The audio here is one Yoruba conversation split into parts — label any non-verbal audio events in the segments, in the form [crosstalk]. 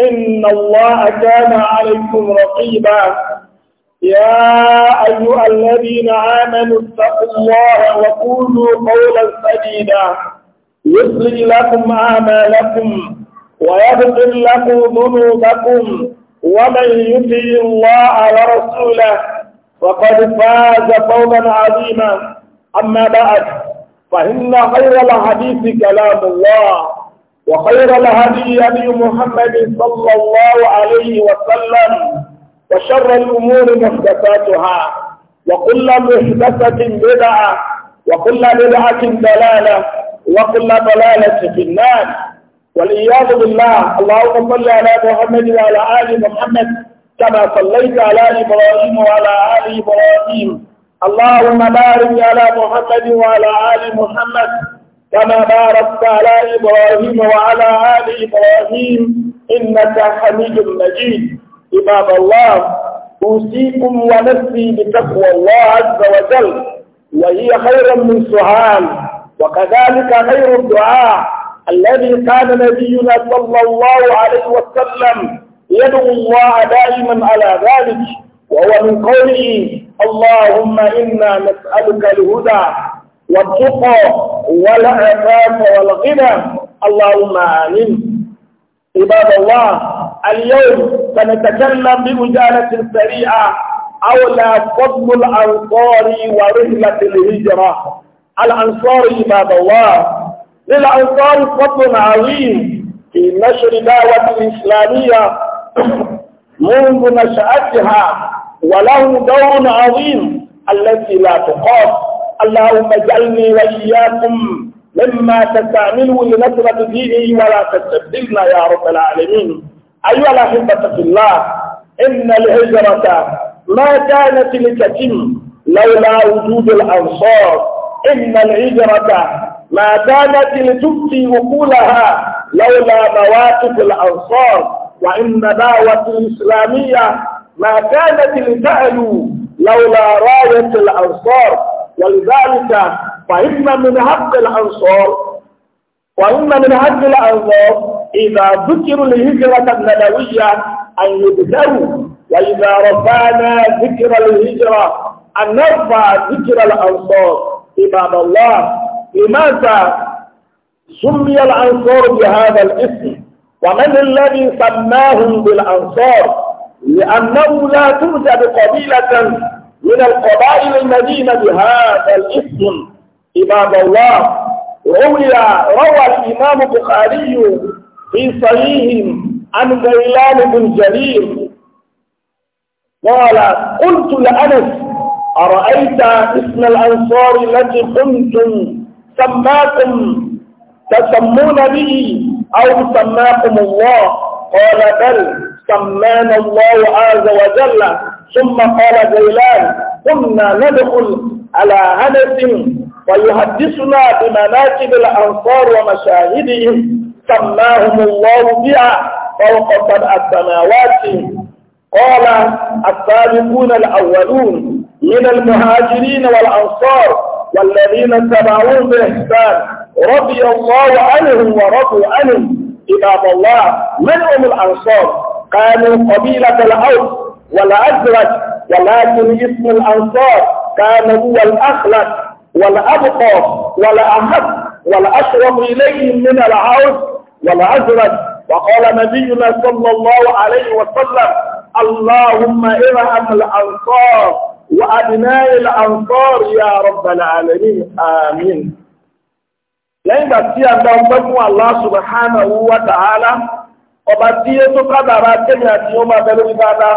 إن الله كان عليكم رقيبا يا أيها الذين آمنوا اتقوا الله وقولوا قولا سديدا يصلح لكم أعمالكم ويغفر لكم ذنوبكم ومن يطيع الله ورسوله فقد فاز فوزا عظيما أما بعد فإن خير الحديث كلام الله وخير الهدي أبي محمد صلى الله عليه وسلم وشر الأمور محدثاتها وكل محدثة بدعة وكل بدعة دلالة وكل ضلالة في النار والعياذ بالله اللهم صل على محمد وعلى آل محمد كما صليت على إبراهيم وعلى آل إبراهيم اللهم بارك على محمد وعلى آل محمد كما باركت على إبراهيم وعلى آل إبراهيم إنك حميد مجيد امام الله أوصيكم ونفسي بتقوى الله عز وجل وهي خير من سؤال وكذلك خير الدعاء الذي كان نبينا صلى الله عليه وسلم يدعو الله دائما على ذلك وهو من قوله اللهم إنا نسألك الهدى والتقى والعفاف والغنى اللهم آمين عباد الله اليوم سنتكلم بمجالة سريعة أولى فضل الأنصار ورحلة الهجرة الأنصار عباد الله للأنصار فضل عظيم في نشر دعوة الإسلامية [clears throat] منذ نشأتها وله دور عظيم التي لا تقاس اللهم اجعلني وإياكم مما تستعملوا لنصرة دينه ولا تستبدلنا يا رب العالمين أيها الأحبة في الله إن الهجرة ما كانت لتتم لولا وجود الأنصار إن الهجرة ما كانت لتبقي وقولها لولا مواقف الأنصار وإن دعوة الإسلامية ما كانت لتعلو لولا راية الأنصار ولذلك فإن من حق الأنصار وإن من حق الأنصار إذا ذكروا الهجرة النبوية أن يبدأوا وإذا رفعنا ذكر الهجرة أن نرفع ذكر الأنصار عباد الله لماذا سمي الأنصار بهذا الاسم ومن الذي سماهم بالأنصار لأنه لا توجد قبيلة من القبائل المدينة بهذا الاسم عباد الله روي روى الإمام البخاري في صحيح عن غيلان بن جرير قال قلت لأنس أرأيت اسم الأنصار التي كنتم سماكم تسمون به أو سماكم الله قال بل سمانا الله عز وجل ثم قال جيلان كنا ندخل على هدف ويحدثنا بمناكب الأنصار ومشاهدهم سماهم الله بها فوق سبع السماوات قال السابقون الأولون من المهاجرين والأنصار والذين تبعوهم بإحسان رضي الله عنهم ورضوا عنهم عباد الله من هم الأنصار كانوا قبيلة الأوس والأزرق ولكن اسم الأنصار كان هو الأخلق والأبقى والأحب والأشرف إليهم من العوز والأزرق وقال نبينا صلى الله عليه وسلم اللهم ارحم الأنصار وأبناء الأنصار يا رب العالمين آمين lẹ́yìn ìgbà tí a gba ọgbẹ́ fún Allah subhanahu wa ta'ala ọba tí yé tó kádàrá tẹ́lẹ̀ àti ọmọ abẹ́lẹ́ wí dáadáa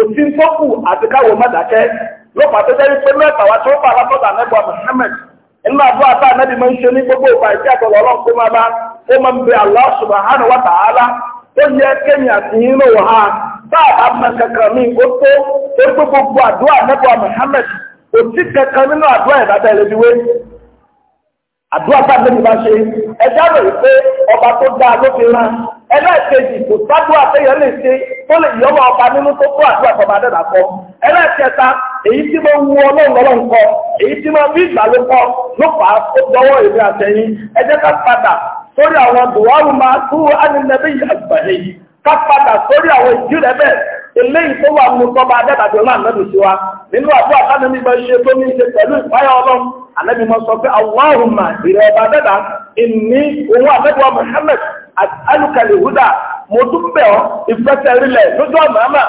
kò sí tọ́kù àti káwọ̀ mẹ́dàkẹ́ lọ́pàá tó jẹ́ pé mẹ́ta wá tó fà látọ̀dà nẹ́gbà Muhammad nínú àdúrà tá ànábì máa ń ṣe ní gbogbo ìgbà ìdí àtọ̀lọ́ ọlọ́run kó máa bá ó máa ń bẹ Allah yẹ àti ha bá àdúrà bá lẹ́nu bá ṣe ẹjọ́ rẹ̀ pé ọba tó dáa ló fi rán ẹlẹ́ẹ̀kejì kò sádùá péyọ lè ṣe tó lè yọ ọmọ ọba nínú tó kó àdúrà tó máa dẹ́nà kọ ẹlẹ́ẹ̀kẹta èyí tí mo wu ọlọ́run lọ́rùn kọ èyí tí mo bí ìgbà ló kọ ló fà á ó dọwọ́ èmi àtẹ̀yìn ẹ jẹ́ ká padà sórí àwọn buhari máa tú ánilẹ́bí àgbàlẹ̀ ká padà sórí àwọn ìdí rẹ̀ bẹ́ẹ̀ eléyìí tó wà nínú tọ́ba adẹ́dàjọ́ náà lẹ́nu sí wa nínú àdúrà Ànábì mọ́ sọ pé Allahumma ìrẹ̀ ọba dẹ́dà ìní owó àbẹ́bọ̀ Muhammad alukali huda mo tún bẹ̀ ọ́ ìfẹsẹ̀rílẹ̀ lójú ọ̀nà àmà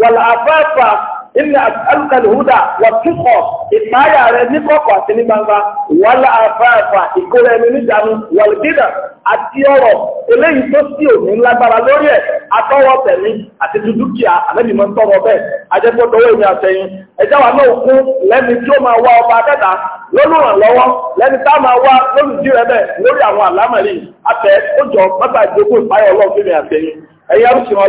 wàlàfáàfà ilẹ̀ alùkàlù húdà wà kíkọ̀ ìpáyà rẹ̀ ní kọ̀kọ̀ àti ní gbangba wàlá àfáàfà ìkórè ẹni níjànú wàlùdínà àti ọ̀rọ̀ eléyìí tó sí òní lágbára lórí ẹ̀ atọ́wọ́ àti dúdúkìá àlẹ́bí tọrọ bẹ́ẹ̀ wa náà kú tí ó máa wá ọba lọwọ tá máa wá rẹ lórí àwọn ó jọ fún mi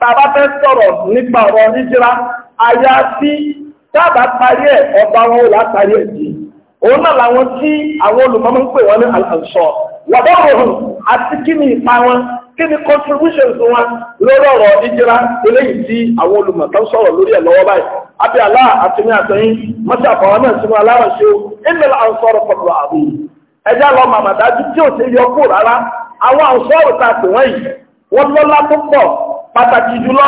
tàbá fẹ́ sọ̀rọ̀ nípa ọ̀rọ̀ níjírá àyà sí tàbá parí ẹ̀ ọba wọn ò látàrí ẹ̀ òun náà làwọn tí àwọn olùmọ́mọ́ ń pè wọ́n ní àlùsọ̀ wàbọ̀rùn àti kí ni ipa wọn kí ni contributions wọn lórí ọ̀rọ̀ níjírá eléyìí tí àwọn olùmọ̀ tó ń sọ̀rọ̀ lórí ẹ̀ lọ́wọ́ báyìí àbí Allah àti ní àtẹ̀yìn mọ́tí àfọwọ́ náà sínú aláwọ̀ ṣe ó ìmẹ̀lẹ̀ àǹsọ̀rọ̀ pọ̀lọ̀ àbí ẹjá lọ́lá púpọ̀ pàtàkì jùlọ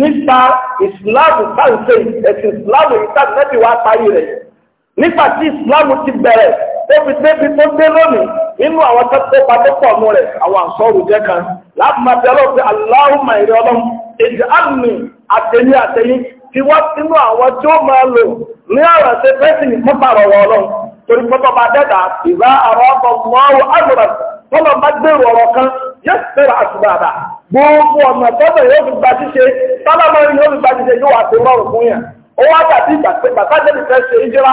nípa ìsìláàmù táǹsẹ ẹ̀sìn ìsìláàmù ìtàn nẹ́bí wa parí rẹ̀ nípa tí ìsìláàmù ti bẹ̀rẹ̀ tó tó dé lónìí nínú àwọn rẹ̀ àwọn jẹ́ kan láti máa bẹ̀rẹ̀ ọ̀pẹ aláhùnmá ìrẹ́ èdè àmì àtẹ̀yìn àtẹ̀yìn ti wá sínú àwọn tí ó máa lò ní ọ̀rọ̀ ṣe fẹ́sì ní pọ́pàrọ̀ ọlọ́run gbogbo ọ̀nà tọ́lọ̀ yóò fi gba ṣíṣe tọ́lọ̀ mọ́rin yóò fi gba ṣíṣe yóò wà sí mọ́rùn fún yàn ó wá gbà tí ìgbà pé bàbá jẹ́ ìfẹ́ ṣe ìjọra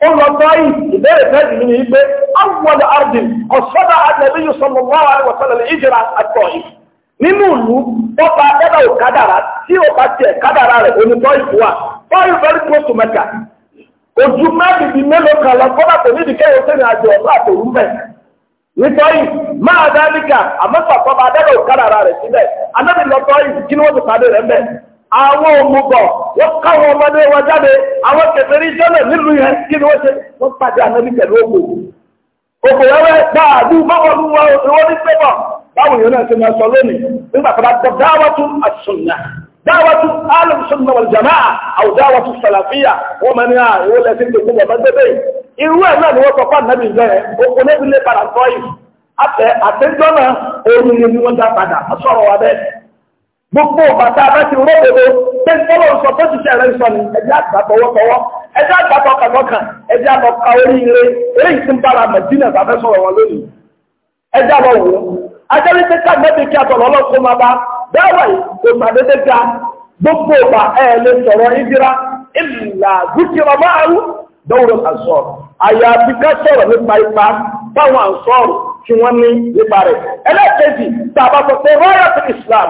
ó lọ báyìí ìbéèrè fẹ́ẹ̀dì mi ardi ọ̀sọ́dà an-nabiy sallallahu alaihi wa sallam ìjìrà àtọ̀ yìí nínú ìlú ọba onye ò kádàrà tí ọba tiẹ̀ kádàrà rẹ̀ onítọ́ ìlú wa báyìí very close to Mecca ojú mẹ́rin bíi mélòó kan lọ kọ́dà tó nídìí kẹ́yọ̀ sẹ́ni àjọ ọ̀dọ́ àtòrú mẹ́ nítorí máa dá níkà bá dẹ́gbẹ̀ rẹ̀ síbẹ̀ kí ni wọ́n ti pàdé rẹ̀ mẹ́ àwọn òmùgọ̀ wọ́n káwọn ọmọdé wọn jáde àwọn kẹfẹ́rí jọ́nà nílùú yẹn kí ni wọ́n ṣe wọ́n pàdé ànábì pẹ̀lú ògbò ògbò yẹwẹ́ gbàdú báwọn ìwọ́n ní pẹ́pọ̀ báwọn yẹn ṣe máa sọ lónìí nígbà tó dáwọ́tú àṣùnà dáwọ́tú wal jamaa àwọn dáwọ́tú sàlàfíà wọ́n à ìwọ́n tó irú ẹ̀ náà ni wọ́n ànábì jẹ́ padà sọ yìí àtẹ òun ni wọ́n dá gbogbo bàtà bá ti rọ́bòdò pé fọlọ́ sọ tó ti ṣẹlẹ̀ ni ẹ̀jẹ̀ àgbà tọwọ́tọwọ́ ẹ̀jẹ̀ àgbà tọkàtọkà ka oríire eléyìí ti ń bára mẹ̀jìnà bàbá sọ̀rọ̀ wọn lónìí ẹ̀jẹ̀ àbọ̀ kí lọ́kọ́ máa bá ga gbogbo ẹ̀ lè sọ̀rọ̀ ìdíra ìlà márùn sọ̀rọ̀ nípa ipa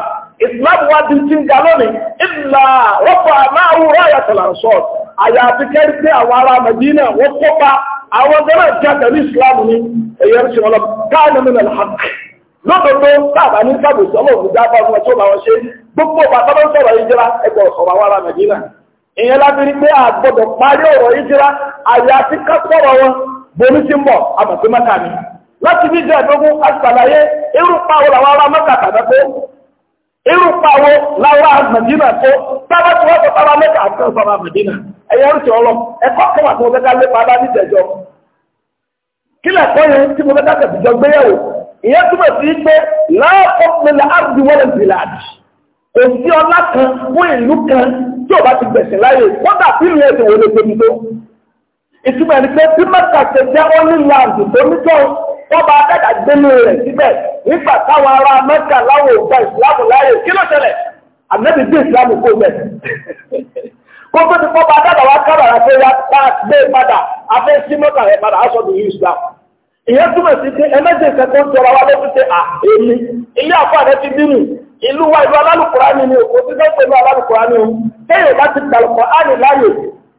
islam wa di ti ń ga lónìí ìlà rọ́pò àmáhù ráyà tàlàsọ́ àyàfi kẹ́rì pé àwọn ará Madina wọ́n kópa àwọn gẹ́rẹ́ ìjáde ní islam ní ẹ̀yẹ ń sọ̀rọ̀ káàní mi nàlá hàk lódodo táàbà ní sábòsí ọlọ́ọ̀dù dábàá fún ẹ̀tọ́ làwọn ṣe gbogbo bàbá sọ̀rọ̀ ìjìra ẹgbẹ́ ọ̀sọ̀rọ̀ àwọn ará Madina ìyẹn lábìrí pé àgbọ̀dọ̀ parí ọ̀rọ̀ ìjìra àyàfi ká sọ̀rọ̀ wọn bomi ti ń bọ̀ àmọ̀pé mẹ́ta ni láti bí ìjẹ́ ìdógún àṣàlàyé irú pa òlàwọ̀ ará mẹ́ta tàbí irú pàwọ́ láwọ́ àmàdínà tó tábà tí wọ́n tọ́tara mẹ́ta àti ọ̀sán àmàdínà ẹ̀yẹ ń tọ́ lọ ẹ̀kọ́ kan wà tí mo fẹ́ ká lépa bá ní ìjẹ̀jọ́ kí lẹ́kọ́ yẹn tí mo fẹ́ ká tẹ̀síjọ́ gbéyàwó ìyẹn túmọ̀ sí pé láàpọ̀ pẹ̀lẹ́ àbí wọ́n lè bìlà àdì kò sí ọlá kan fún ìlú kan tí ò bá ti gbẹ̀sẹ̀ láyè kódà bí mi ẹ̀sìn wọlé gbẹmí tó ìtumọ̀ ẹni wọ́n bá dàgbà gbélé rẹ̀ síbẹ̀ nígbà táwọn ará Mẹ́kà láwọn ògbà ìsìlámù láàyè kí ló ṣẹlẹ̀ ànábì gbé ìsìlámù kó bẹ̀. [laughs] kó tó ti fọ́ba dàgbà wá kábàrà pé wá bá gbé padà abẹ́ sí mọ́tà rẹ̀ padà aṣọ ní ìsìlámù. ìyẹn túmọ̀ sí pé ẹlẹ́sìn wa à èmi ilé àfọ ti bínú ìlú wa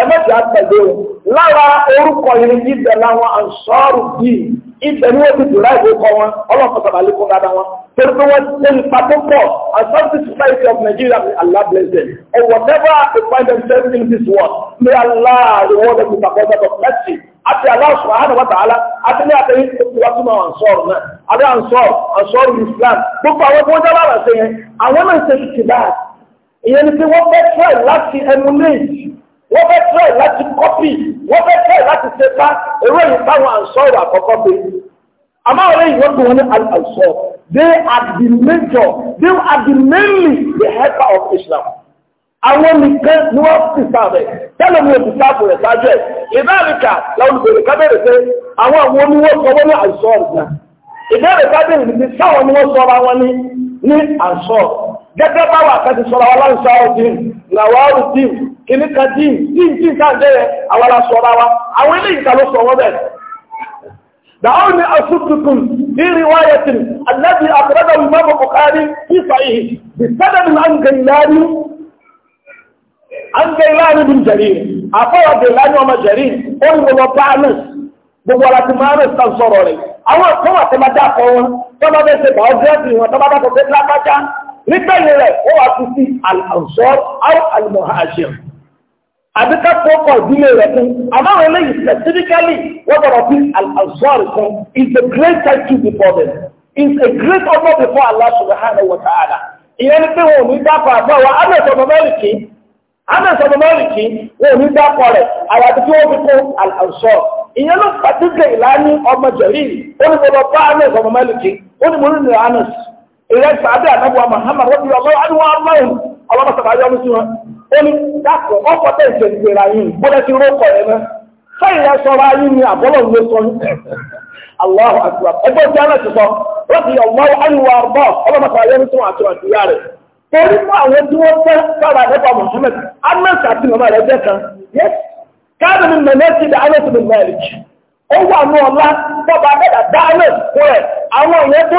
ẹgbẹ́tì àtẹ̀lé o lára orúkọ yìí ibẹ̀ làwọn àǹsọ́ọ̀rù bíi ibẹ̀ ni wọ́n ti dùn láì kọ́ wọn ọlọ́pàá sábà lè kún dáadáa wọn torí pé wọ́n ṣe ipa tó pọ̀ Nigeria Allah bless them or whatever they find themselves in this world may Allah reward them with abundance of mercy àti Allah subhanahu wa ta'ala àti ní àtẹ̀yí ìwà túmọ̀ àǹsọ́ọ̀rù náà àbí àǹsọ́ọ̀rù àǹsọ́ọ̀rù Islam gbogbo àwọn tó ń jẹ́ lára ṣe yẹn àwọn náà ṣe ti ti báyìí ìyẹn ni pé wọ́n fẹ́ tẹ̀ láti emulate wọ́n fẹ́ tẹ̀ láti kọ́pì wọ́n fẹ́ tẹ̀ láti ṣe pa èrò yìí táwọn àǹsọ́ọ̀rọ̀ àkọ́kọ́ pé àmọ́ ọ̀rẹ́ yìí wọ́n tún wọn ní àǹsọ́ they are the major they are the mainly the helper of Islam àwọn nìkan ni wọ́n ti sáàbẹ̀ tẹ́lẹ̀ mi ò ti sáàbù rẹ̀ sáájú ẹ̀ ìbáàríkà làwọn olùbèrè kábẹ̀rẹ̀ pé àwọn àwọn oníwọ́ sọ wọ́n ní àǹsọ́ọ̀rọ̀ náà ìbéèrè kábẹ̀rẹ̀ níbi sáwọn ni wọ́n sọ ara wọn ní àǹsọ́ọ̀rọ̀ gẹ́gẹ́ báwa àtẹ́sí sọ ara wọn láǹsọ́ọ̀rọ̀ dín làwọn ọ̀rọ̀ dín kìíní ka dín dín dín ká ń dẹ́yẹ àwọn aláṣọ ọba wa àwọn ilé ìta ló sọ wọ́n bẹ́ẹ̀. dàáwọ̀ ni asúntùkùn ìrì wáyẹ̀tìn alábi àkọ́dọ̀ ìmọ̀mọ̀ kọ̀kárí ní sàyè bìsẹ́dẹ̀mù àǹgẹ̀láni àǹgẹ̀láni bin jẹ̀rí àfọwọ́ gẹ̀láni ọmọ jẹ̀rí ó ń wọlọ báánus gbogbo aláti márùn sàn sọ̀rọ̀ rẹ̀ àwọn tó wà tó máa dá kọ wọn tó máa bẹ́ẹ̀ ṣe bàá gẹ́ẹ̀sì ó wà tún sí al-ansar al-muhajir àbí ká fọ́kọ̀ ìdílé rẹ̀ fún àmọ́ àwọn eléyìí specifically wọ́n bọ̀rọ̀ fún al-azhar kan is a great title before them is a great honour before Allah subhanahu wa ta'ala ìyẹn ni pé wọn ò ní dápọ̀ àbáwọ̀ amẹ́sọ̀ mọ́mọ́rìkì amẹ́sọ̀ mọ́mọ́rìkì wọn ò ní dápọ̀ rẹ̀ àyàtí tí wọ́n fi kún al-azhar ìyẹn ló pàtíkẹ̀ ìlànà ọmọ jẹ̀rí onígbọ̀dọ̀ bá amẹ́sọ̀ mọ́mọ́rìkì onígbọ̀dọ̀ ọlọ́mọsọ̀bá yọ́nú sí wọn ó ní dákọ̀ ọkọ̀ tẹ̀ ìṣẹ̀ ìgbèrà yìí gbọ́dẹ̀ ti rókọ̀ ẹ̀ mẹ́ sẹ́yìn rẹ̀ sọ́ra yìí ni àbọ́lọ̀ ló sọ ní Allahu akbar ẹgbẹ́ tí wọ́n ti sọ láti ọ̀wọ́ àyùwà ọ̀bọ̀ ọlọ́mọsọ̀bá yọ́nú sí wọn àti wọn àti ìyá rẹ̀ torí mọ́ àwọn tí wọ́n fẹ́ sára nípa Muhammad Anas àti mama rẹ̀ jẹ́ kan yes káàdì mi mẹ́lẹ́ ti da Anas bin Malik ó wà ní ọlá bọ́ba bẹ́ẹ̀ dá Anas fún ẹ̀ àwọn ìyẹn tó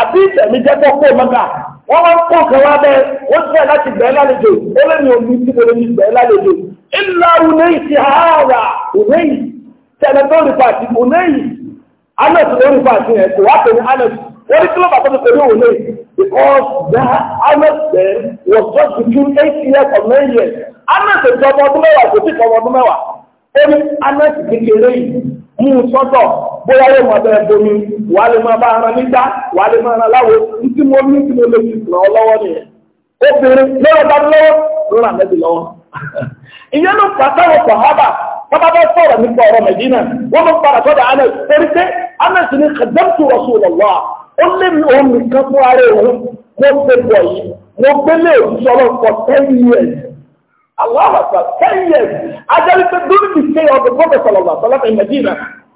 àbí ìtẹ̀mí jẹ́ pọ́pọ́ mẹ́ta wọ́n máa ń pọ̀ kan wá bẹ́ẹ̀ ó fẹ́ láti gbẹ̀ẹ́ lálejò ó lé ní omi tí kò lè ní gbẹ̀ẹ́ lálejò ìlà unéyì ti hàárà unéyì tẹ̀lé tó rí pàtì unéyì anet ló rí pàtì yẹn kò wá pè ní anet wọ́n ní kí ló bàtà tó pè ní unéyì because the anet then was just between eight years or nine years anet ìjọba ọdún mẹ́wàá kò sí ìjọba ọdún mẹ́wàá ó ní anet kékeré yìí mú un sọ́tọ̀ bóyá yóò máa bẹ̀rẹ̀ bomi wàá lè máa bá ara níta wàá lè máa ara láwo ntí mo ní tí mo lè fi ràn ọ́ lọ́wọ́ nìyẹn obìnrin lọ́wọ́ bá lọ́wọ́ lọ́wọ́ ràn mẹ́bi lọ́wọ́ ìyẹn ló fà sáwọn sàhábà bàbá bá sọ̀rọ̀ nípa ọ̀rọ̀ Mẹ̀dínà wọ́n mú padà sọ́dọ̀ Anas torí pé Anas ní kàdámtù Rasulullah ó lé mi òun nìkan fún ara òun mo ṣe pọ̀ yìí mo gbélé òṣìṣọ́lọ́ for ten years Allah ten years ajá wípé dúró ti ṣe ọdún gbọ́dọ̀ sọ̀rọ̀ wà sọ́lá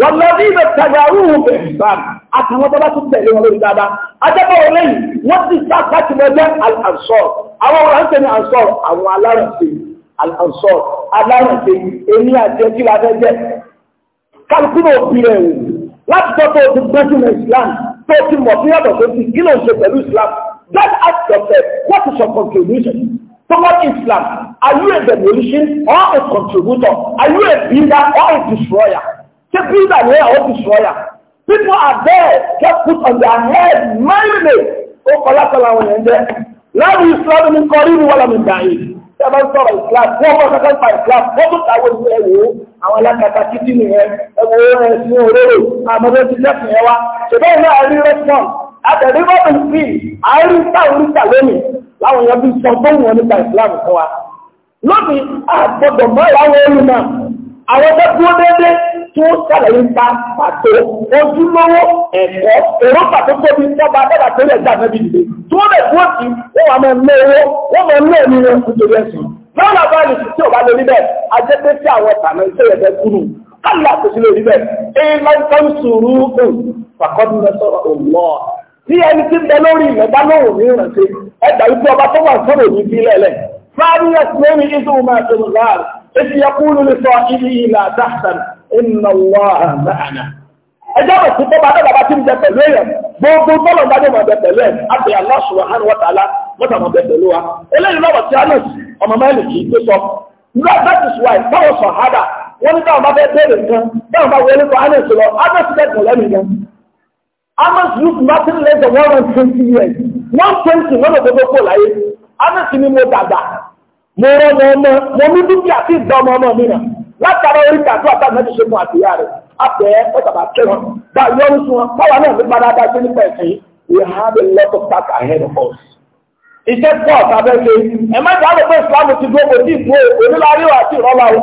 wọ̀lọ́dí ìbẹ̀ tàgbàrú ìbẹ̀ ìbámu àtàwọn bọ́bá tó tẹ̀lé wọn lórí dáadáa ajẹ́bọ̀ lẹ́yìn wọ́n ti sá láti mọ ẹgbẹ́ al-ansor àwọn ọ̀rọ̀ ń tẹ̀lé ansor àwọn alárànṣe al-ansor alárànṣe èmi àti ẹtí la fẹ́ jẹ́ kálukúrò òbí rẹ̀ wò láti tọ́ tó ti gbé sínú Islam tó ti mọ̀ sí ask yourself what is your contribution toward Islam are you a demolition or a contributor are you a builder or a destroyer Taking that way out destroyer. People are there, just put on their head, mindless. Ó kọ́lá kọ́lá àwọn èèyàn jẹ́. Láàrin Ìsìlámù ní kọrí ìlú wọ́n lámì dàáyé. Ṣé bá ń sọ̀rọ̀ Ìsìlámù, wọ́n bọ́ kankan pa Ìsìlámù, wọ́n bọ́ àwọn ìlú ẹ̀wò, àwọn alákatá títí nìyẹn, ẹ̀wò ẹ̀sìn òróró, àmọ́dé ti jẹ́sìn ẹwà. Ṣèbẹ́ iná àrí rẹ́sọ̀n, àtẹ̀rí rọ́bìn sí, àárín táwọn ìta lónìí, láwọn èèyàn bí sọ tó wọn nípa Ìsìlámù fún wa. Lóbi àgbọ̀dọ̀ mọ́ àwọn olùmọ̀, àwọn tó dúró déédéé tó sàlàyé ń bá pàtó ojúlówó ẹ̀kọ́ èrò pàtó tóbi tọ́ba dọ́gba tó lẹ̀ gbàgbé bí dìde tó lè fún òsì ó wà máa lé owó wọ́n máa lé omi wọn nítorí ẹ̀sùn lọ́wọ́ làbá lè fi tí ò bá lè rí bẹ́ẹ̀ ajẹ́ pé tí àwọn ìtànà iṣẹ́ yẹn bẹ́ kúrú kálá kò sí lè rí bẹ́ẹ̀ ẹ lọ́nkọ́ sùúrù ọ̀hún fàkọ́dún lọ́sọ̀rọ̀ ọ̀lọ́ tí ẹni tí ń bẹ inna Allaha ma'ana. ẹjẹ́ bẹ̀ sí tó bá dẹ́gbà bá ti ń jẹ pẹ̀lú èèyàn gbogbo tọ́lọ̀ ń dájọ́ mọ̀ọ́bẹ pẹ̀lú ẹ̀ àti Allah subhanahu wa ta'ala mọ́tà mọ̀ọ́bẹ pẹ̀lú wa eléyìí lọ́wọ́ tí Anas ọmọ mẹ́lì kì í tó sọ that is why look nothing less than one hundred twenty years one twenty wọn ò gbogbo ni mo mo rọ látara orí kàtó àtàwọn ẹni ṣe mú àtìyá rẹ̀ abẹ́ ọ̀tàbà kẹwọn gba yọrù sí wọn báwa náà nípa dáadáa sí nípa ẹ̀sìn we have a lot of task ahead of us. iṣẹ́ pọ̀ tàbẹ́ ṣe ẹ̀ má jáde pé Islam ti dúró kò tí ì dúró onílárí wà sí ìrọ́lá o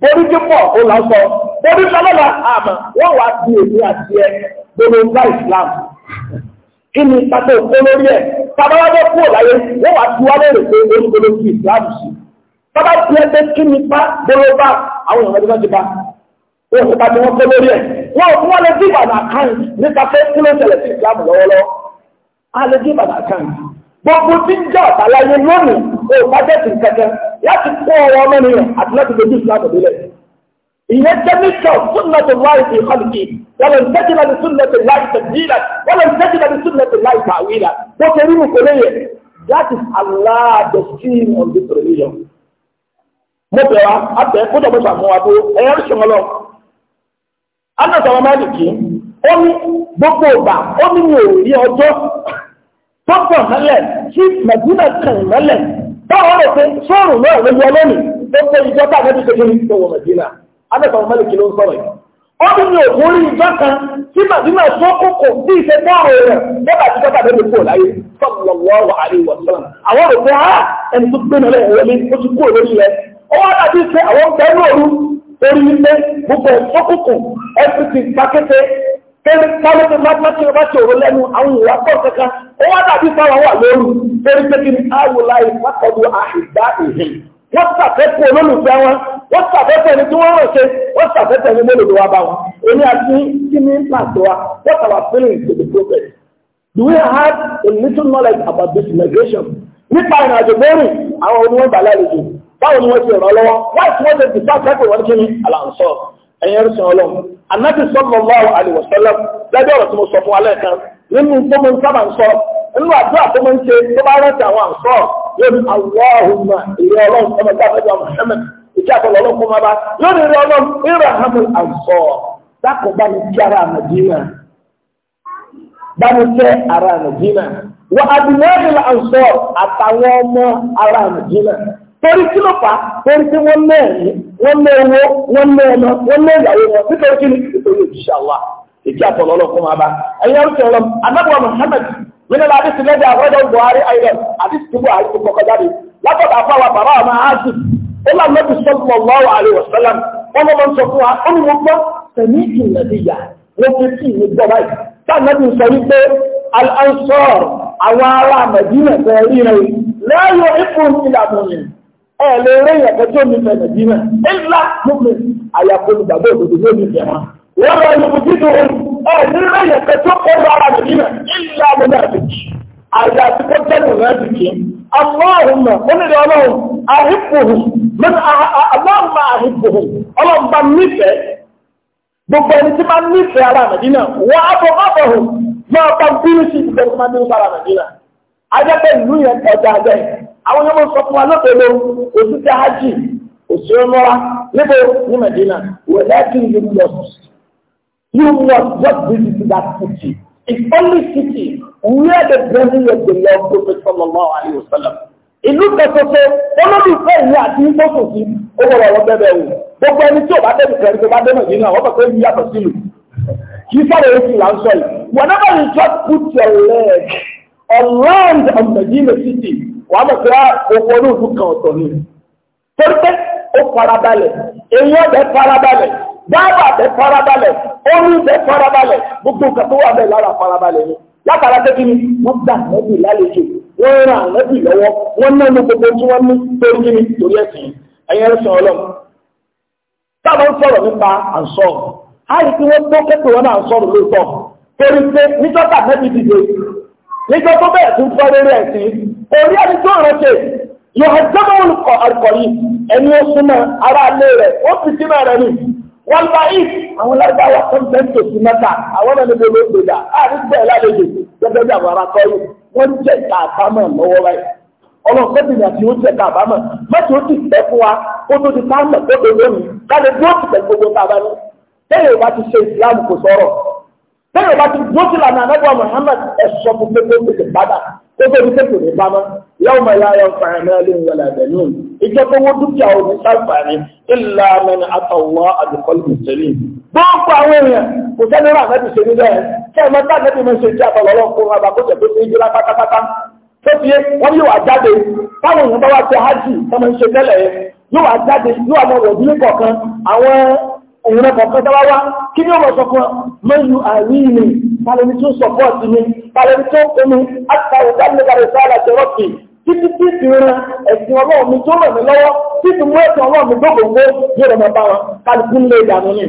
borí tí pọ̀ ó là ń sọ borí sọlọ́lá àmọ́ wọ́n wá di èmi àti ẹ gbogbo nǹkan Islam kí ni pàtó olórí ẹ̀ tàbáwájọ́ kúrò láyé wọ́n wá ti wá lérè pé olùkọ́ ló fi Islam sí tàbá tiẹ̀ pé kí ni pa gbogbo bá àwọn èèyàn lọ́dún ti bá wọ́n ti pàtó wọn pé lórí ẹ̀ wọ́n fún wọn lè dí ìbàdàn àkáǹtì nípa fẹ́ kí ló ń tẹ̀lé sí ìsìlámù lọ́wọ́lọ́wọ́ a lè dí ìbàdàn àkáǹtì gbogbo tí ń jẹ́ ọ̀tá láyé lónìí o bá jẹ́sìn kẹkẹ láti kó ọrọ̀ ọmọ nìyẹn àti láti lójú ìsìlámù nílẹ̀ ìyẹn jẹ́ níṣọ́ súnmọ́tò láì fi hàlùkì wọ́n lè tẹ́jú láti súnmọ́tò láì tẹ̀síìlà wọ́n lè tẹ́jú láti súnmọ́tò láì tàwílà bó ṣe rí mi That is Allah the stream of this religion mo bẹ̀ wá àtẹ kódà mo sàmú wa tó ẹ̀yà ń sùn lọ. anàtàwọn máa nìkí ó ní gbogbo ọba ó ní mi ò rí ọjọ́ tó pọ̀ mẹ́lẹ̀ tí mẹ̀dínà kàn mẹ́lẹ̀ báwo lè pe sóòrù náà ló yọ lónìí tó pé ìjọ tá àgbẹ̀ tó ṣe ní ìṣòwò mẹ̀dínà anàtàwọn máa nìkí ló ń sọ̀rọ̀ yìí. ó ní mi ò mú rí ìjọ kan tí mẹ̀dínà tó kókò bí ìṣe bọ́ọ̀rù rẹ̀ lọ́ba tí jọ́ta àgbẹ̀ tó kò láyé sọ́ọ̀lọ́wọ́ ó wá dàbí pé àwọn bẹ́ẹ̀rù òru orí ilé gbogbo ìfọ́kùnkù ẹ̀sìtì pàkété kéré kálódé lẹ́nu àwọn ìwà pọ̀ kankan dàbí pé wà lóru torí pé kí ni áwò láì pákọ̀dù àṣìgbà ìhìn wọ́n sàfẹ́kù olólùfẹ́ wọn wọ́n sàfẹ́kù ẹni tí wọ́n rọ̀ ṣe wọ́n sàfẹ́kù ẹni mélòó wa bá wọn èmi àti kí ni pàṣẹ what our feelings to the progress do we have a little knowledge about this migration nípa ìrìnàjò àwọn báwo ni wọ́n ti rọ̀ lọ́wọ́ wáyé tí wọ́n ti dùn sáà kẹ́kọ̀ọ́ wọn kí ni àlàǹsọ̀ ẹ̀yìn ẹ̀rùsìn ọlọ́run anábì sallallahu alaihi wasallam lẹ́bí ọ̀rọ̀ tí mo sọ fún alẹ́ kan nínú tó mọ́ ń sábà ń sọ nínú àdúrà tó mọ́ ń ṣe tó bá rántí àwọn àǹsọ́ lórí Allahumma ìrẹ́ ọlọ́run ọmọ ìgbà àfẹ́jọ Muhammad ìkí àtọ̀lọ́ torí kí ló fà torí tí wọ́n lé ẹ̀yìn wọ́n lé owó wọ́n lé ọmọ wọ́n lé ìyàwó wọn nítorí kí ni nítorí òjíṣẹ́ àwa èjì àtọ̀lọ́ ọlọ́kùn máa bá ẹ̀yìn ọ̀rọ̀ sọ̀rọ̀ anábọ̀ Muhammad nínú adé ti lẹ́dẹ̀ àwọ̀dọ̀ Buhari ayọ̀ àti tìbú àti kọkọ jáde látọ̀dọ̀ àfáwà bàbá àmà áàzù ó lọ lọ́dún sọ́kùnmọ̀ lọ́wọ́ àlè wọ̀sálàm wọ́n lọ́mọ sọ fún wa ó ní mo gbọ́ tẹ̀mí ìnàdíyà wọ́n fi tí ìwé gbọ́ báyìí táà náà ti sọ wípé al-ansor àwọn ará Mẹ̀dínà fẹ́ rí rẹ̀ lẹ́yìn ìfún ìlànà ẹ lè rí ẹ̀kọ́ tó ní fẹ̀ nàìjíríà ńlá lópin àyàfó olùgbàgbọ́ òdòdó ló ní fẹ̀ wọ́n lọ yóò dídò ẹ ní kọ́ ara nàìjíríà ńlá lópin àbíkì àyàfi gbogbo ẹni tí máa nífẹ̀ẹ́ ara nàìjíríà wọ́n á bọ̀ bọ̀ máa bá sí ìgbẹ́ àwọn ọmọ sọ fún wa lọ́pẹ̀lẹ́ oṣù tí a jì oṣù ọmọra níbo ní Medina wẹ̀lẹ́kì you must you must just visit that city it's only city where the body of the Lord Prophet sallallahu alayhi wa sallam ìlú kẹsọsọ olórí ìfẹ́ ìlú àti ìfọsọ sí ó wọ̀rọ̀ ọ̀rọ̀ bẹ́ẹ̀ wò gbogbo ẹni tí ò bá tẹ̀lé kẹrin tó bá dé Nàìjíríà wọ́n bẹ̀ pé yí yàtọ̀ sílùú kì í sọ̀rọ̀ èsì là ń sọ yìí whenever you just put your leg around a Medina city wàá mọ̀ pé ah, oko olóòtú kan ọ̀tọ̀ ni torí pé ó farabalẹ̀ èyí ọ̀bẹ farabalẹ̀ dáàbà bẹ farabalẹ̀ omi bẹ farabalẹ̀ gbogbo nǹkan tó wà bẹ́ẹ̀ lára farabalẹ̀ ni látara pé kí ni wọ́n gbà nẹ́bì lálejò wọ́n ran nẹ́bì lọ́wọ́ wọ́n nẹ́nu gbogbo tí wọ́n ní torí kí ni torí ẹ̀sìn ẹ̀yẹ ẹ̀sìn ọlọ́run táwọn ń sọ̀rọ̀ nípa àǹsọ̀ á rí kí wọ́n tó kẹ́kọ̀ọ́ wọn náà sọ̀rọ̀ lóòótọ́ torí pé níjọ́ tà nẹ́bì dìde níjọ́ tó bẹ̀rẹ̀ sí ń sọ lórí ẹ̀sìn orí ẹni tó rẹ̀ṣẹ̀ yóò hajjọ́mọ́ olùkọ́ àkọ̀yí ẹni enyi súnmọ́ ara alẹ́ rẹ̀ ó fi sínú rẹ̀ ni wọ́n bá yìí àwọn lárúbáwá tó ń bẹ́ sí mẹ́ta àwọn ọmọ níbi ló gbèdà àárín bẹ́ẹ̀ lálejò gẹ́gẹ́ bí àwọn arakọ́ yìí wọ́n jẹ́ ìta àbámọ̀ lọ́wọ́ ọlọ́run tó ìta àbámọ̀ ó ti pẹ́ fún wa ó tó ti tó kókó ní sèkò ní pamọ́ yóò máa yára nfààní ẹlẹ́yìn wọlé àbẹ̀lú ìjọ tó wọ́n dúkìá òní sàǹfààní ìlà mẹ́ni àtọ̀wọ́ àdìkọ́lù ìṣẹ̀lẹ̀. gbogbo àwọn èèyàn kò sẹ́ni rà mẹ́tì ṣe nílẹ̀ kẹ́ ẹ̀ mẹ́ta mẹ́tì mi ṣe jẹ́ àbàlọ́lọ́ fún ọba kó tẹ̀lé sí ìjọba pátápátá. tó fi wọ́n yóò wá jáde táwọn èèyàn òun náà kọ̀ọ̀kan tó bá wá kí ni ó mọ̀ sọ fún ọ mẹ́nu àárín mi pàlẹ́ni tó sọ̀pọ̀tì mi pàlẹ́ni tó kún mi àtàwọn ìdánilẹ́gbàrẹ̀ sáà láti rọ́ọ̀kì títí tí ìrìn ẹ̀sìn ọlọ́run mi tó rẹ̀ mí lọ́wọ́ títí mú ẹ̀sìn ọlọ́run mi gbogbogbò yóò rẹ̀ mọ́ bá wọn kálukú lé ìdànù ni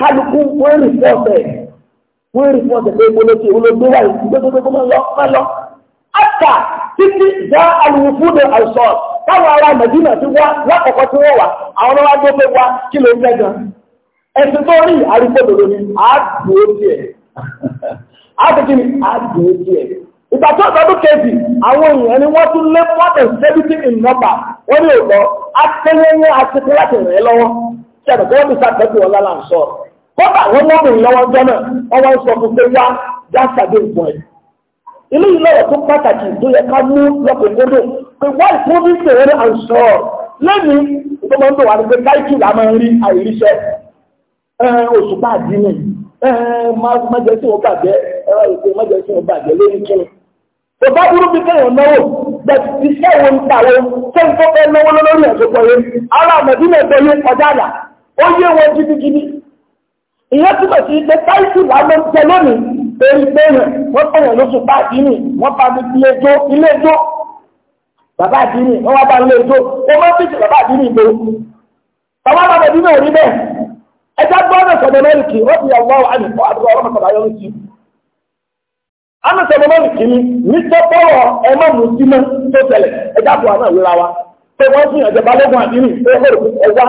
kálukú wọ́n rí fọ́ọ̀tẹ̀ wọ́n rí fọ́ọ̀tẹ̀ pé olóṣè olóṣè wà ìgbésókè kó máa lọ máa lọ. àtà títí dá alùpùpù ní àìsọ̀tì táwọn ará mẹ̀dínà ti wá lákọ̀ọ́kọ́ tí wọ́n wà àwọn ọmọ wájú pé wá kí ló ń jẹ́ ẹ̀sùn tó rí àrígbòdòdò ni kí ni àádùn ó tiẹ̀ ìgbà tó ọ̀dọ́dún kejì àwọn èèyàn ni wọ́n tún lé wọ́n ní òkọ́ láti lọ́wọ́ sọ mọ́bìnrin lọ́wọ́ jọ́nà ilé ìlọ́wọ̀ tó pàtàkì tó yẹ ká mú lọ́kùnkúndùn pé wọ́n ìfún bí fèrè àǹsọ̀ lẹ́ni tó máa ń bọ̀ wà ní pé káìkì là máa ń rí àìríṣẹ́ oṣù bá dì ní májẹ tí wọ́n bàjẹ́ ìpè májẹ tí wọ́n bàjẹ́ lórí kíni. tó bá burú bí kéèyàn náwó bẹ̀rẹ̀ iṣẹ́ wo ń ta wo tó ń tọ́pẹ́ náwó lórí ẹ̀sọ́ pẹ̀lú ara àmọ̀dínlẹ̀ bẹ̀rẹ̀ ọjà àlà ó yé wọn gidigidi ìyẹn túbọ̀ sí pé káìkì là máa ń tẹ lónìí torí pé wọ́n pẹ̀yàn lóṣù bá àdínì wọ́n bá mi ilé ẹjọ́ ilé ẹjọ́ bàbá àdínì wọ́n wá bá ilé o ó máa ń bèèrè bàbá àdínì ìgbò bàbá bàbá àdínì ò rí bẹ́ẹ̀ ẹjá gbọ́dọ̀ sọ̀dọ̀ mẹ́rìkì wọ́n ti yàwó àwọn àdìpọ̀ àdúgbò ọlọ́mọ sọ̀dọ̀ ayọ́ lóṣù. àmì sọ̀dọ̀ mẹ́rìkì ni ní tọ́pọ̀rọ̀ ẹmọ mùsùlùmí tó tẹ̀lẹ̀ ẹjá bọ̀ àná ìwéra wa pé wọ́n fi ẹ̀jẹ̀ balógun àdínì ẹgbẹ́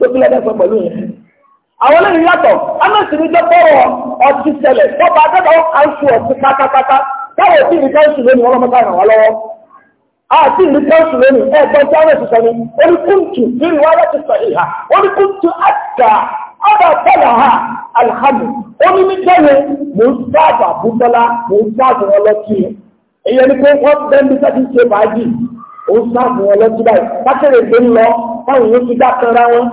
tókìlẹ̀ dẹ́sọ̀ pẹ̀lú yẹn. àwọn eléyìí yàtọ̀ amẹ́sì ní dọ́kọ̀rọ̀ ọtí ṣẹlẹ̀ tọ́ba akẹ́kọ̀ọ́ kanṣu ọtí pátápátá táwọn òtí kanṣu lónìí lọ́mọ́ta ràn lọ́wọ́. àti kanṣu lónìí tí amẹ́sì sọ ni sọ ìhà àtà ọba tọ́lá ha alhamdu onímítẹ́lẹ̀ mò ń sáàbà bùtọ́lá mò ń sáàbà ọlọ́tí ìyẹn ni pé wọ́n bẹ́ẹ̀ ní táwọn èèyàn ti dákanra wọn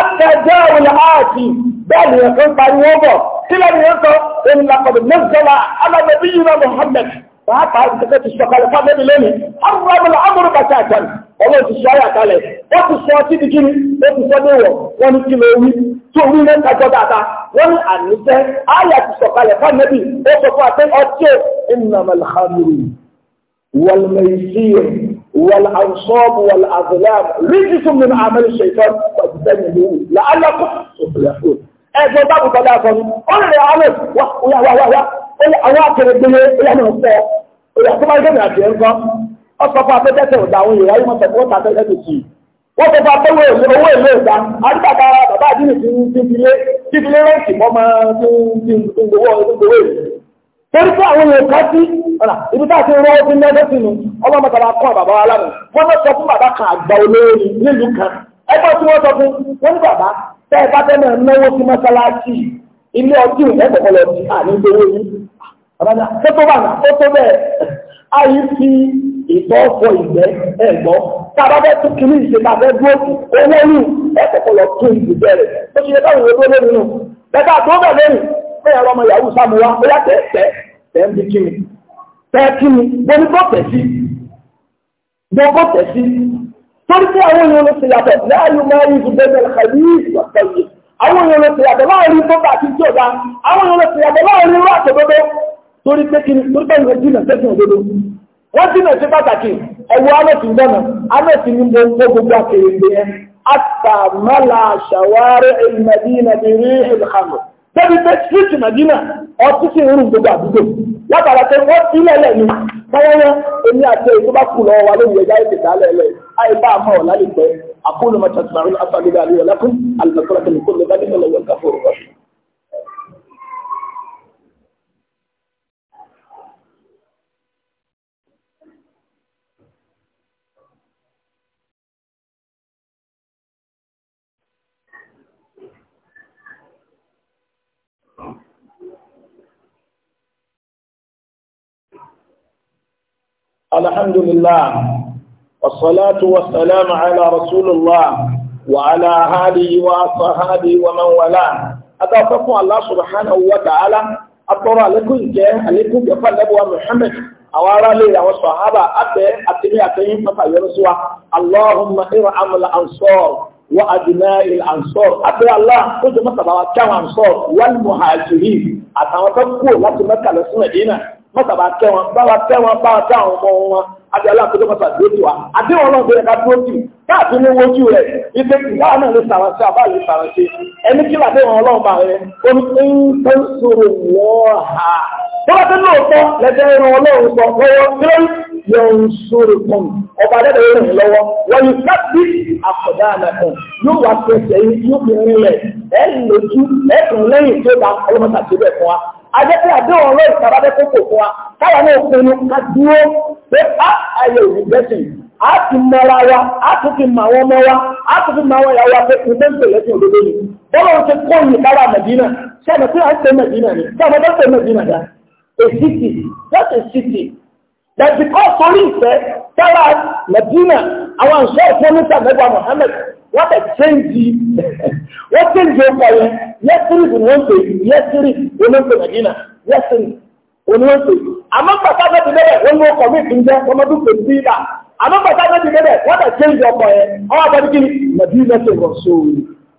àtẹ̀jẹ́ òun ààtì bẹ́ẹ̀ ni ẹ̀kan parí wọ́n bọ̀ kí lẹ́nu yẹn sọ èmi làkọ̀dọ̀ mẹ́sàn-án alábẹ́bí yìí náà Muhammad pàápàá ìkẹ́kẹ́ ti sọ̀kalẹ̀ fún abẹ́bí lónìí amúrámúlá amúrúbàtà àjàn ọwọ́ ti sọ ayà kalẹ̀ ó ti sọ ọtí di kíni ó ti sọ déwọ̀ wọ́n ní kí ló wí mẹ́ta jọ dáadáa wọ́n ní àníṣẹ́ ayà ti sọ̀kalẹ̀ fún ó sọ fún abẹ́ ọtí ìnàmọ̀lẹ́hàmìrì wọ́n mẹ́sì والأنصاب والأظلام رجس من عمل الشيطان فاجتنبوه لعلكم تفلحون ẹgbẹ́ bábù tọ́lá ẹ̀fọ́n ó lè alẹ́ wáwáwá àwọn akẹrẹgbẹ̀lẹ̀ ìyànà ọ̀fẹ́ ìyàtọ́mọ́ ìgbẹ̀mẹ̀ àti ẹ̀ńkọ́ ọ̀sọ̀fọ́ afẹ́tẹ́tẹ̀ ọ̀dà àwọn èèyàn ayé mọ́tẹ̀ wọ́n tàbí ẹ̀tẹ̀ sí wọ́n tó fà pẹ́wọ́ owó èlé ìgbà àdúgbàtà bàbá àdínì ti ń fi ilé rẹ́ǹtì mọ́ máa ń fi ń gbowó èlé torí pé àwọn èèyàn kan sí ọ̀nà ibi tá a ti ọdún lọ́dọ́ sí ni ọlọ́mọ tàbá kọ́ bàbá wa lánàá wọ́n lọ sọ fún bàbá kan àgbà olórí nílùú kan ẹgbẹ́ tí wọ́n sọ fún wọn ní bàbá tẹ́ ẹ bá náwó sí ilé àní yìí tó tó tó bẹ́ẹ̀ ayé fi ìgbẹ́ ẹ̀ gbọ́ tábà bẹ́ẹ̀ kiri dúró bẹ́ẹ̀ ọmọ yahoo sáàmù wa bóyá tẹ́ tẹ́ tẹ́ ń bí kíni tẹ́ kíni gbogbo bọ́ tẹ̀ sí gbogbo tẹ̀ sí torí pé àwọn èèyàn ló ti yàtọ̀ láàyè máa yí ìdúgbẹ́sẹ̀ kàlí ìgbàkẹ́yì àwọn èèyàn ló ti yàtọ̀ láàrin bọ́bà àti ìjọba àwọn èèyàn ló ti yàtọ̀ láàrin irú àtòdodo torí pé kíni torí pé ìwé jìnà sẹ́sìn òdodo wọ́n jìnà sí pàtàkì ẹ̀wọ̀ alẹ́sìn gbọ́nà alẹ́sìn ní gbogbo àkèrè ìgbéyẹn àtàmọ́là ṣàwárí ìmẹ̀dínà ìrí ìlú débi pé síìtì nàìjíríà ọtí sì ń rùn gbogbo àdúgbò látara pé wọ́n ti lẹ́lẹ̀ ni báyọ̀yọ́ èmi àti èyí tó bá kù lọ́wọ́ wa lórí ẹja ètò ìdálẹ̀ ẹlẹ́ àìbá àmọ́ ọ̀lá lè pẹ́ àkóónù mọ́tàtàmárùn-ún afáàlú àlùyọ̀ lákùn àlùmọ̀tàlá الحمد لله والصلاة والسلام على رسول الله وعلى آله وصحبه ومن والاه أتوقف الله سبحانه وتعالى أطرى لكم جاء لكم جفا نبوة محمد أوارى لي وصحابة أتى أتني أتني فتا يرسوا اللهم ارحم الأنصار وأدناء الأنصار أتى الله كل ما كم أنصار والمهاجرين أتوقف لكم مكة لسنة دينا mọ́sàbà kẹ́ wọn báwa kẹ́ wọn báwa kẹ́ àwọn ọmọ wọn àti aláàkóso mọ́sà dúró tì wá àdéhùn ọlọ́run bẹ̀rẹ̀ ká dúró tì káàtó ní wojú rẹ̀ ife báwa náà lè sàrán sí àbá lè sàrán sí ẹni kí làdéhùn ọlọ́run bá rẹ̀ ó ní ń tẹ́ sọ̀rọ̀ wọ́n ha. bọ́lá tó ní òótọ́ lẹ́sẹ̀ ẹran ọlọ́run sọ lọ́wọ́ kílẹ̀ yẹn ń sọ̀rọ̀ kan ọba dẹ́dẹ̀ yóò rìn lọ́wọ́ wọ́n yóò ká bí àkọ́dá àlàkùn yóò wá pèsè yóò fi rinlẹ̀ ẹ̀ lójú ẹ̀ kàn lẹ́yìn tó bá ọlọ́mọ ajẹ́pẹ́ àdéhùn ọ̀rọ̀ ìsàbábẹ́ tó kò fún wa káyà náà pinnu ká dúró pé á ayé òní gbẹ́sìn á ti mọ́ra wa á tún fi mọ àwọn ọmọ wa á tún fi mọ àwọn ìyàwó wa pé ìgbẹ́ ń pèlè fún òdodo ni bọ́lá ń ṣe kó ìyìn kára mẹ̀dínà sẹ́ni pé à ń ṣe mẹ̀dínà ni sẹ́ni tó ṣe mẹ̀dínà dá a city just a city that because torí ìfẹ́ tẹ́lá mẹ̀dínà àwọn àṣọ ìfọ́nìtà mẹ́gbàá Mohammed what exchange what change yóò yesterday yẹn yẹsiri bí wọn pè yẹsiri wọn pè nàìjíríà yẹsiri wọn wọn pè àmọ́ pàtàkì bẹ́ẹ̀ ti bẹ́ẹ̀ ló kọ mí fi jẹ wọn bá dúpẹ́ sí ibà àmọ́ pàtàkì bẹ́ẹ̀ ti what exchange yóò kọ yẹn ọwọ́ àbẹ̀dẹ́kìlì nàìjíríà rọ̀ sóòrò.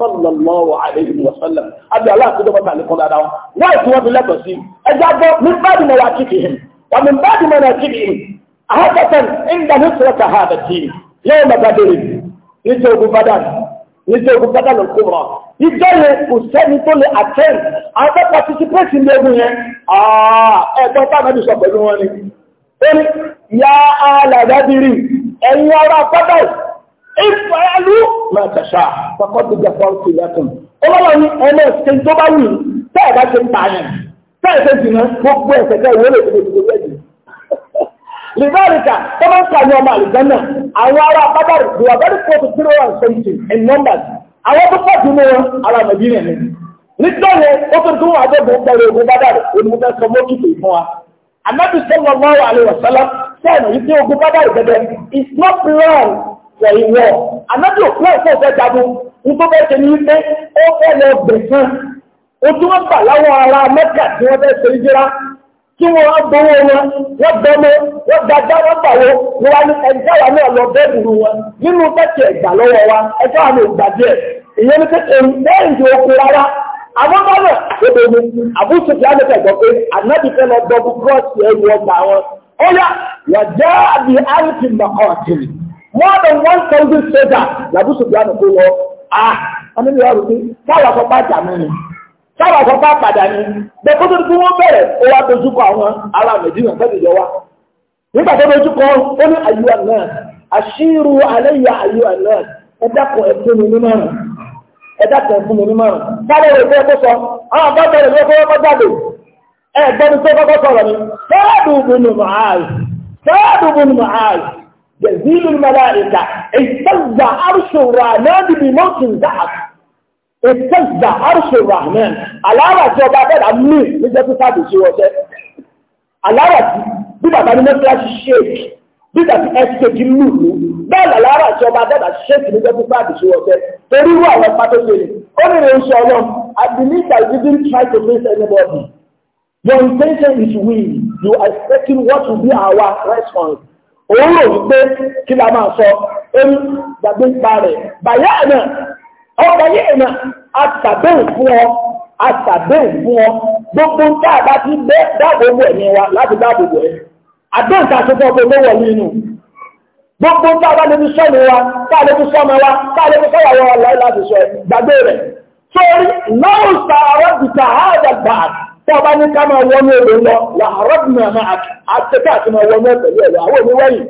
sallallahu alayhi wa sallam àbí aláàtúndọ́gbọ́ta nìkan dáadáa wọn wọ́n ti wọ́n fi lẹ́tọ̀ sí ẹjá gbọ́ ní báàdì mọ̀ wá kíkì hìn wọ́n mi báàdì mọ̀ náà kíkì hìn àhọ́kọ̀tàn ìgbà ní sọ̀rọ̀ta ha àdà tì yóò mọ̀ bàbèrè níjẹ́ ogun bàdàn níjẹ́ ogun bàdàn kubra ìjọ yẹn kò sẹ́ni tó lè attend àwọn participate ní ìfàyàlú máa tẹ̀sà kọ́kọ́ tó jẹ́ fọ́ọ̀rù sí lẹ́kùn. ọlọ́wọ́ ni ẹ̀mọ́ ṣe tó bá wù tẹ́ ẹ̀ bá ṣe ń pa yẹn tẹ́ ẹ̀ ṣe jìnnà gbogbo ẹ̀ṣẹ̀ tẹ́ ìwé lè fi gbogbo ẹ̀ jù. lìbáríkà tó máa ń kà ní ọmọ àlùjánà àwọn ará bábàrù bí wà bẹ́ẹ̀ kó tó three one seventy in numbers àwọn tó pọ̀ jù wọn ará nàìjíríà ni. nítorí ó fi dún àdógún pẹ̀lú ogun bábàrù onímọ̀tẹ́ sọ mọ́tò fún wa. ànábì sọ́lọ́ mọ́ àlè wàsálà sẹ́yìn ìdí ogun gẹ́gẹ́ it's not wrong wọ̀ ìwọ̀ anábì òkú ẹ̀fọ́ fẹ́ jagun ní tó bẹ́ẹ̀ ṣe ní pé ó fẹ́ lọ gbẹ̀sán ó tí gbà láwọn ará mẹ́kà tí wọ́n fẹ́ ṣe ìjírá kí wọ́n á gbowó wọn gbẹmọ gbàwó wọn wá ní wa náà lọ wọn nínú wa wa more than one thousand soldiers a ah, ni tó wọ́n bẹ̀rẹ̀ ó wá dojúkọ àwọn ará Nàìjíríà pẹ̀lú ìjọ wa nígbà tó dojúkọ ó ní àyùwà náà àṣírù alẹ́ yà àyùwà náà ẹ dákun ẹ fún mi ní márùn ẹ dákun ẹ fún sọ àwọn ló kọ́ jáde ẹ tó kọ́kọ́ sọ̀rọ̀ يزيل الملائكة اهتز عرش الرحمن بموت ذهب اهتز عرش الرحمن alára tí ọba bẹ́ẹ̀ dà mí níjẹ́ tó sáàbì sí ọṣẹ́ alára tí bí bàbá ní mẹ́fíà ṣe ṣéèkì bí bàbá ẹ̀ṣẹ̀ kì í lù mí bẹ́ẹ̀ alára tí ọba bẹ́ẹ̀ dà ṣéèkì níjẹ́ tó sáàbì sí ọṣẹ́ torí wà wọ́n pátó ṣe ni ó ní ìrìn oṣù ọlọ́m I believe that you didn't try to please anybody your intention is we you are expecting what will be our response òun rò wípé kí la máa sọ ẹni gbàgbé ipa rẹ̀ bàyá ẹ̀nà ọgbà yé ẹ̀nà àtàbẹ̀wò fún ọ àtàbẹ̀wò fún ọ gbogbo ń tá a bá ti bẹ́ dáàbò owó ẹ̀mí wa láti dáàbò bò ẹ́ àdéhùn tá a ṣe fún ọ pé ló wọ̀ nínú gbogbo ń tá a bá lè fi sọ́ọ̀nù wa tá a lè fi sọ́ọ̀mù wa tá a lè fi sọ́ọ̀wọ́ wa láti sọ ẹ̀ gbàgbé rẹ̀ sórí lọ́wọ́ sàrọ̀ bìtà áàdàgbà àti tó ọba ní ká máa wọnú odò lọ wà rọ́bìnà náà àtẹ́kẹ́ àti máa wọnú ẹ̀pẹ̀lú ẹ̀rọ àwọn oníwẹ̀yìn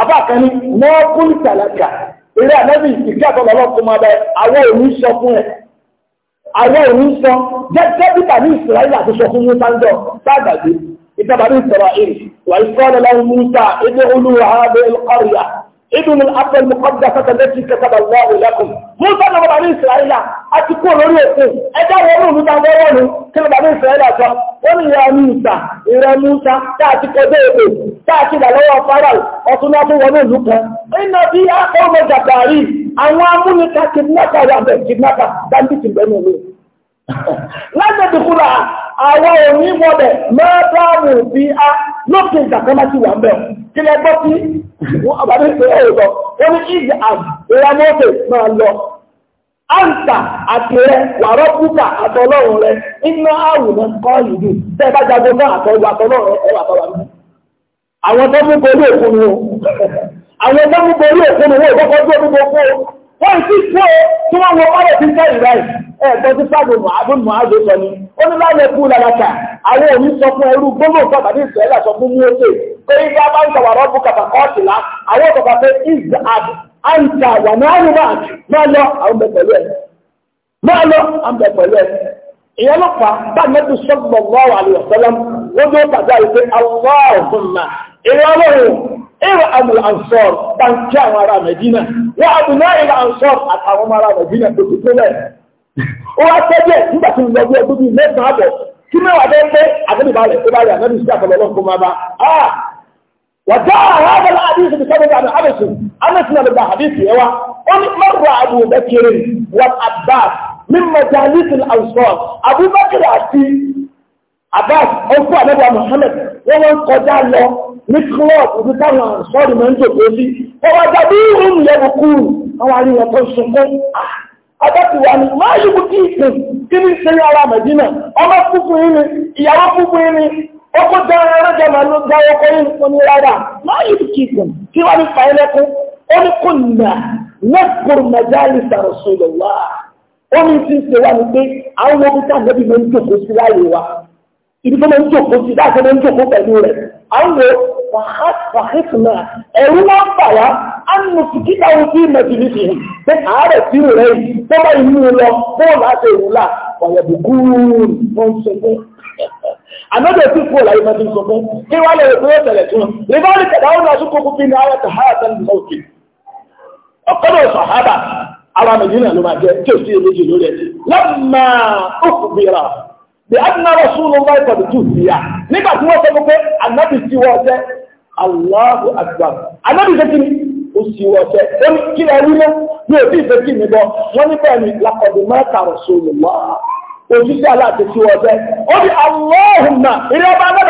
àbá kan ní wọ́n kú ìtàlákà eré ànábì ìdí àtọ́lọ́lọ́ fún ma bẹ àwọn òní sọ fún ẹ àwọn òní sọ jẹ́jẹ́ bíbà ní ìsìláyà àti fún musa ńjọ sáàgbàgbé ìtàbà ní ìsọ̀rọ̀ èrè wà ìsọ̀rọ̀ lọ́wọ́ musa ilé olúwa ààbẹ̀ ọ̀rìyà ابن الأرض المقدسة التي كتب الله لكم موسى لما بني إسرائيل أتكون لكم أجاب ولو مدعوانه كما بني إسرائيل أجاب ومن يا موسى إلى موسى تأتي قديم تأتي للوى فرال وصنعت ومن لكم إن فيها قوم جبارين أمامنك كدنك وعبك كدنك دمت بني لا تدخلها أولا ومن ما داموا فيها lópin ìgbà kan bá ti wà ń bẹ̀ kí lẹ gbọ́ sí àbádé ṣe é ọ̀dọ̀ ó ní ìdí àbí ìyá mọ́tò máa lọ àǹtà àti rẹ wàrọ̀ púpà àtọlọ́run rẹ iná àwòrán kọ́ ìlú tẹ́ ẹ bá jagun náà àtọlù àtọlọ́run ẹ wà tọ́lá mi. àwọn tó mú borí òkú ni o àwọn tó mú borí òkú ni wọ́n ìkọ́kọ́ tó mú gbogbo wọ́n ì ẹ̀ẹ́dẹ́ tí sáàbù mọ̀ádùn mọ̀ádù sọ ni ó ní láàrín ẹkú làlàkà àwọn òní sọ fún ẹrú gbogbo nǹkan tàbí ìsẹ̀lá sọ fún mú ókè pé ibá bá ń sàwárọ̀ bú kàtà kọ́ọ̀tì lá àwọn ọ̀kọ̀kọ̀ pé is ad wà ní àrùn máa lọ àwọn pẹ̀lú ẹ̀ máa lọ àwọn pẹ̀lú ẹ̀ ìyẹn ló fà bá mẹ́tù ó wá tẹ́jẹ̀ nígbà tí mo lọ bí mẹ́sàn-án àbọ̀ kí mẹ́wàá pé a wàjá àwọn abẹ́lá àdéhùn ti sọ́dọ̀ àmì àbẹ̀sù àmẹ́sì náà lọ́gbà àdéhùn ó ní àbù bẹ́kẹ̀rẹ̀ àbá àwùsọ̀ àti àbá ọkọ̀ àtàkùwà ni máa yíkú tí ìsìn kí ní ṣe ní ara mẹ̀dínà ọmọ púpù yìí ìyàwó púpù yìí ọkọ̀ dára rẹ́jọ máa ló dá ọkọ̀ yìí fún ní rárá máa yíkú tí ìsìn kí wọ́n ní fàílẹ́kún ó ní kò nà lẹ́kùrù mẹ́jálì sàrọ̀sọ̀lọ̀ wá ó ní tí ń ṣe wá ní pé anùsùkítà òfin mẹ̀tìlìsì pé àárẹ̀ tí ò rẹ̀ yìí tó bá inú lọ bóòlù àti ìwúlà ọ̀yẹ̀bù gúrùn tó ń sọ pé anọ́dọ̀ tí kò láyé mẹ́tì sọ pé kí wá lè rẹ̀ tẹ̀lẹ̀ tí wọn rìbáàlì kẹ̀dá ó náà sókò kúkú ní ayé tàhárà tẹ́lẹ̀ mọ́ọ̀kì ọ̀kọ́dọ̀ sàhábà ara mẹ̀dínà ló máa jẹ́ tí ò sí èméjì lórí ẹ̀ lọ́mà ó kù bìíràn bí adúlá rọ̀ sún lọ́wọ́ ìpàdé tù síyà nígbà tí wọ́n sọ pé anábì tí wọ́n jẹ́ Allahu akbar anábì jẹ́ kí ni ó sì wọ ọ̀tẹ́ ó ní kí lẹ rí náà ní òbí ìfẹ́ kí mi bọ́ wọ́n ní bẹ́ẹ̀ ni lakọ̀dé mẹ́ta rọ̀ sóòlù wá òṣìṣẹ́ aláàtẹ̀ sí wọ ọ̀tẹ́ ó ní àlọ́hùnmá ìrẹ́bà náà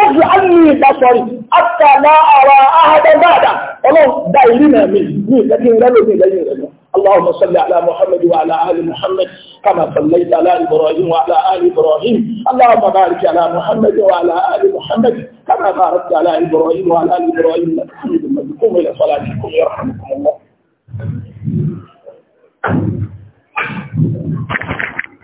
ó fi àmì ìbásọ̀rì àtàlà àrà àhàdẹ́gbàdà ọlọ́run dá ìrìnà mi ní ìfẹ́ kí n rẹ́ lómi ìlẹ́yìn rẹ̀ náà اللهم صل على محمد وعلى آل محمد كما صليت على إبراهيم وعلى آل إبراهيم اللهم بارك على محمد وعلى آل محمد كما باركت على إبراهيم وعلى آل إبراهيم إنك حميد مجيد إلى صلاتكم يرحمكم الله